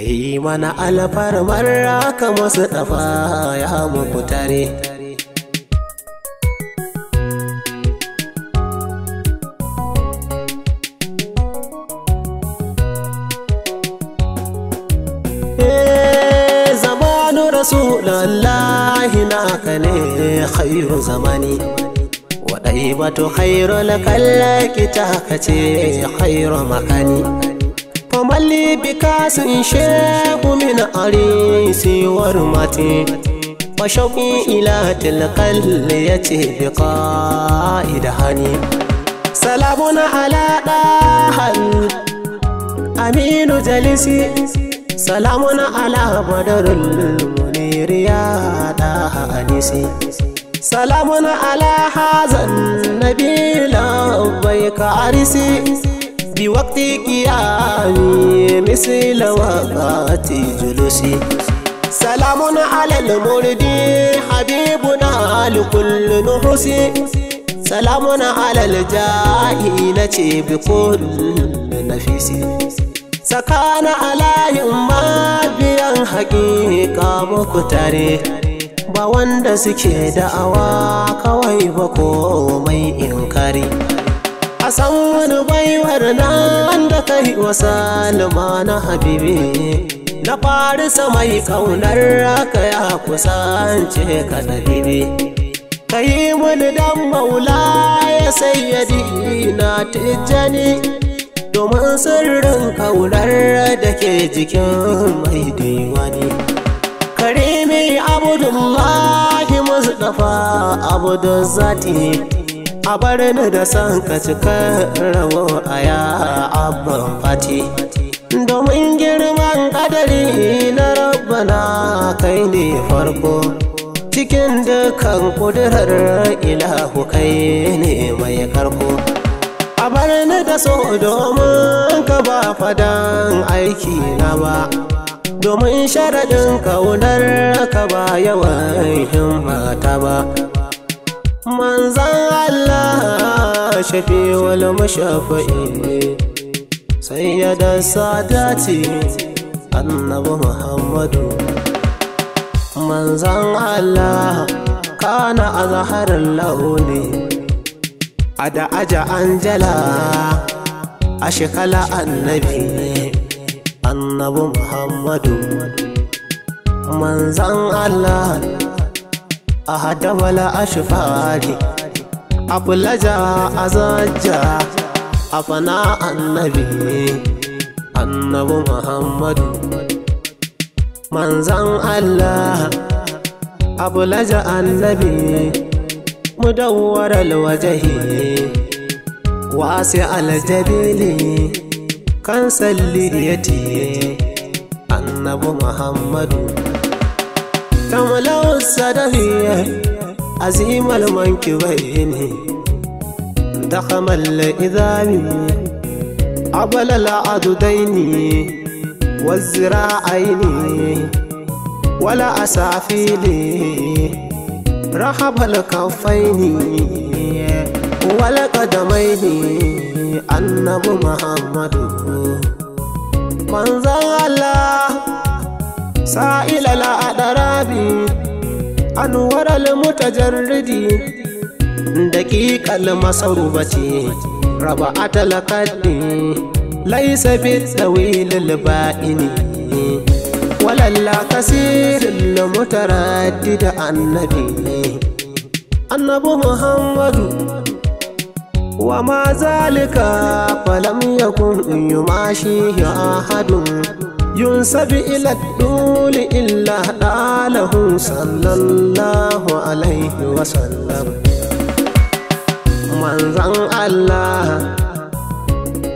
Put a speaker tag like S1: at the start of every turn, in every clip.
S1: kai mana alfarmar raka masu tafa ya muku eh, tare rasulullahi naka ne khairu zamani wadai batu khairu lakallaki ta kace khairu makani mali bikasin shehu min arisi warmati wa shauƙi ila tilkal ya ce bi da hani salamuna ala ɗahal aminu jalisi salamuna ala badarul munir ya ɗaha anisi salamuna ala hazan nabila bai ka arisi في وقتك يا قيامي مثل وقت جلوسي سلام على المرد حبيبنا لكل نحوسي سلام على الجاهلة بكل نفيسي سكان على يما بيا حقيقة مكتري tare ba wanda suke da'awa kawai ba ka san wani baiwar nan da kai wa Salima na habibi na farisa mai kaunar raka ya kusance ka Kayi ka yi wani dan maula ya sayyadi na tijjani domin sirrin kaunar da ke jikin mai diwani karimi abdullahi mustapha abdul zati a bar ni da san ka cika rawo a ya abban fati domin girman kadari na rabbana kai ne farko cikin dukan kudurar ilahu kai ne mai karko a bar ni da so domin ka ba fadan aiki na ba domin sharaɗin kaunar ka ba yawan himmata ba manzan shafi wal mushafa'i sayyadan sadati annabi muhammadu manzan allah kana azharar launi a da aja anjala a shekala annabi annabi muhammadu manzan allah a wala ashfari Abulaja azaja Afana annabi Annabu muhammadu manzan allah Abulaja annabi mudawwar alwajahi wasi aljabili kan salliyati Annabu muhammadu tamla'u sadahiyah عزيم المنكبين دخم الإذام عبل العددين والزراعين ولا أسافيلي رحب الكفين ولا قدمين النبي محمد منزل الله سائل الأدرابي anuwar almuta jan ridi daƙiƙal masaru bace raba a talakaddi laisa bita wilil ba'ini walalla kasirin na mutara dida annabi annabi muhammadu wa ma zalika falam yakun yi mashi ya hadu ƙauli illa ɗalahu sallallahu alaihi wasallam manzan Allah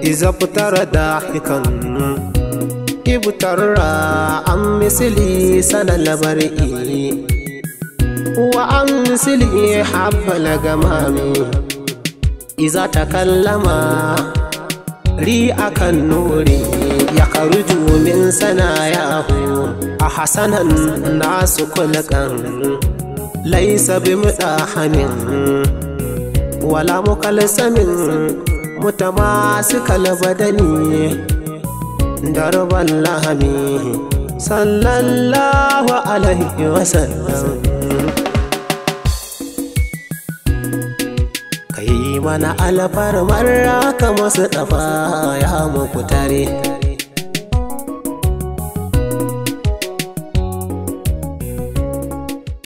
S1: iza fitar da hikan ibtarra an misili sanar labari wa an misili haɓɓa lagamami iza ta kallama ri akan nuri ya karu min sana hu a hasanan nasu kulkan laisa bi mudahamin wala mukalsamin da kalbadani darban lahami sallallahu alaihi wasallam bana alfarmar raka masu dafa ya muku tare